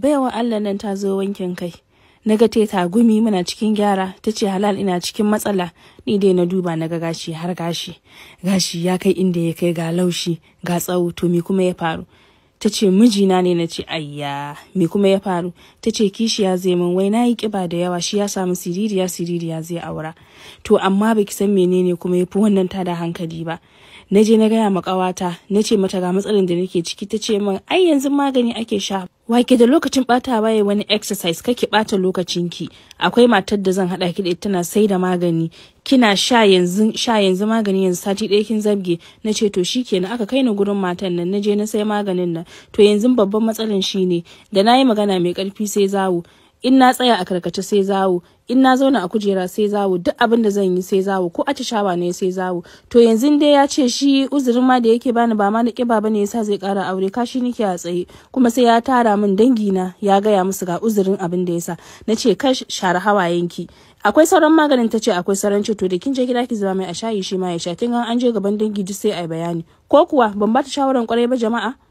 baiwa Allah nan ta zo wankin kai na ga ta gumi muna cikin gyara ta ce halal ina cikin matsala ni dai na duba na ga gashi har gashi gashi ya kai inda ya kai ga laushi ga tsawo to me kuma ya faru ta ce mijina ne na ce ayya me kuma ya faru ta ce ya zai min wai na yi kiba da yawa shi ya samu siririya siririya zai aura to amma baki san menene kuma ya fi wannan da hankali ba na je na gaya ma ƙawata na ce mata ga matsalin da nake ciki ta ce min ai yanzu magani ake sha wake da lokacin bata waye wani exercise kake bata ki akwai matar da zan hada ki da tana sai da magani kina sha yanzu sha yanzu magani yanzu sati ɗaya kin zabge na ce to shikenan aka kai ni gurin matan nan na je na sai maganin nan to yanzu babban matsalan shine da nayi magana mai karfi sai zawo in na tsaya a karkace sai zawo in na zauna a kujera sai zawo duk abin da zan yi sai zawo ko a shawa ne sai zawo to yanzu dai ya ce shi uzurin ma da yake bani ba ma na kiba ba bane yasa zai kara aure kashi nake a tsaye kuma sai ya tara min dangi na ya gaya musu ga uzurin abin da yasa na ce kash share hawayenki akwai sauran maganin ta ce akwai sauran ce to da kin je gida ki zama mai a shayi shi ma ya sha kin an je gaban dangi duk sai ai bayani ko kuwa ban ba ta shawaran kwarai ba jama'a